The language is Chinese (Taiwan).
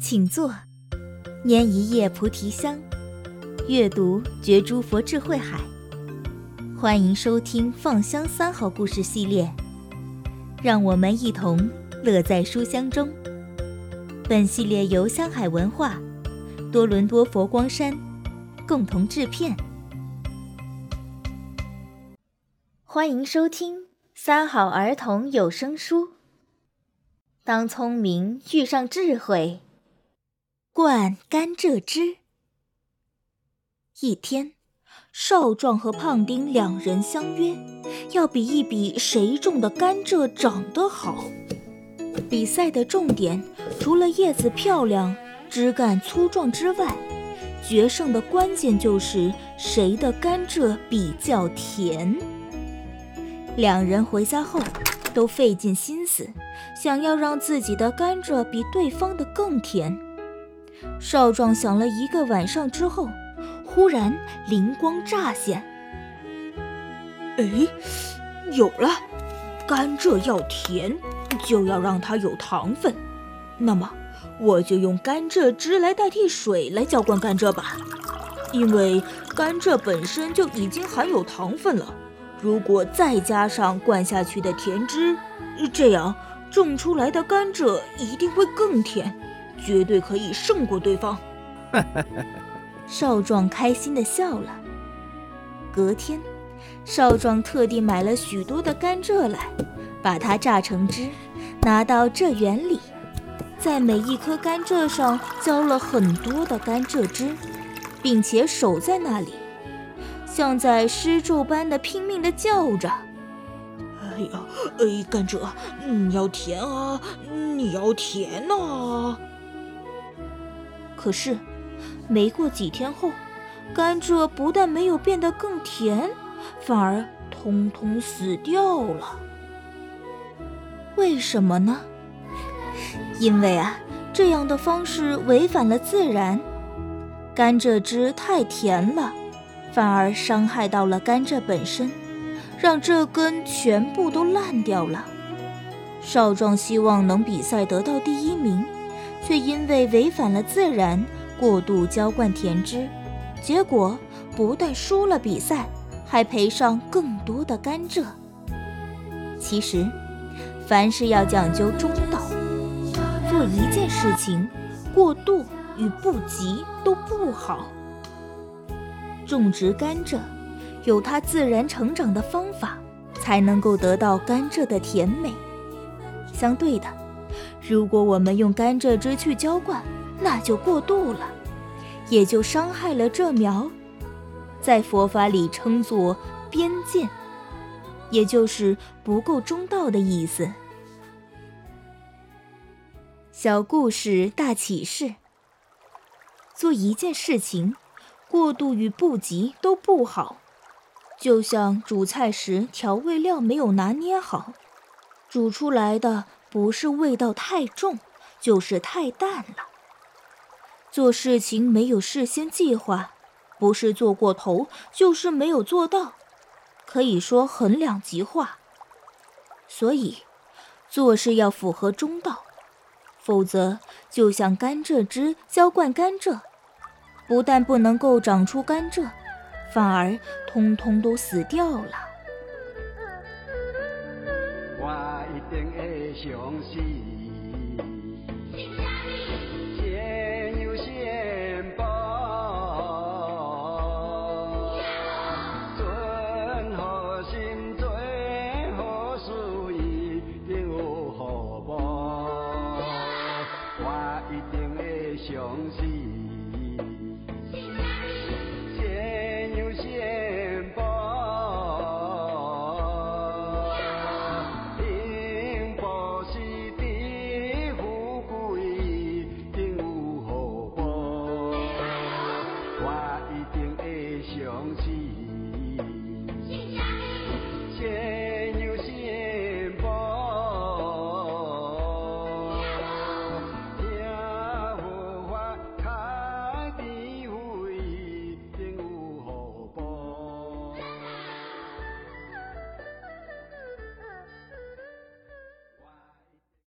請坐。拈一葉菩提香，閱讀覺諸佛智慧海。歡迎收聽《Fun 香三好故事》系列，讓我們一同樂在書香中。本系列由香海文化、多倫多佛光山共同製片。歡迎收聽《三好兒童有聲書》。當聰明遇上智慧，灌甘蔗汁。一天，少壯和胖丁兩人相約，要比一比誰種的甘蔗長得好。比賽的重點除了葉子漂亮、枝幹粗壯之外，決勝的關鍵就是誰的甘蔗比較甜。兩人回家後，都費盡心思，想要讓自己的甘蔗比對方的更甜。少壯想了一個晚上之後，忽然靈光乍現：“哎，有了！甘蔗要甜，就要讓它有糖分。那麼，我就用甘蔗汁來代替水來澆灌甘蔗吧，因為甘蔗本身就已經含有糖分了。”如果再加上灌下去的甜汁，這樣種出來的甘蔗一定會更甜，絕對可以勝過對方。 少壯開心地笑了。隔天，少壯特地買了許多的甘蔗來，把它榨成汁，拿到蔗園裡，在每一棵甘蔗上澆了很多的甘蔗汁，並且守在那裡。像在施咒般的拼命的叫着：“哎呀，哎，甘蔗，你要甜啊，你要甜吶！”可是，沒過幾天後，甘蔗不但沒有變得更甜，反而通通死掉了。為什麼呢？因為啊，這樣的方式違反了自然。甘蔗汁太甜了。反而傷害到了甘蔗本身，讓這根全部都爛掉了。少壯希望能比賽得到第一名，卻因為違反了自然，過度澆灌甜汁，結果不但輸了比賽，還賠上更多的甘蔗。其實，凡事要講究中道，做一件事情，過度與不及都不好。種植甘蔗，有它自然成長的方法，才能夠得到甘蔗的甜美。相對的，如果我們用甘蔗汁去澆灌，那就過度了，也就傷害了蔗苗。在佛法裡稱作“邊見”，也就是不夠中道的意思。小故事大啟示，做一件事情。過度與不及都不好，就像煮菜時調味料沒有拿捏好，煮出來的不是味道太重，就是太淡了。做事情沒有事先計劃，不是做過頭，就是沒有做到，可以說很兩極化。所以，做事要符合中道，否則就像甘蔗汁澆灌甘蔗。不但不能夠長出甘蔗，反而通通都死掉了。我一定會想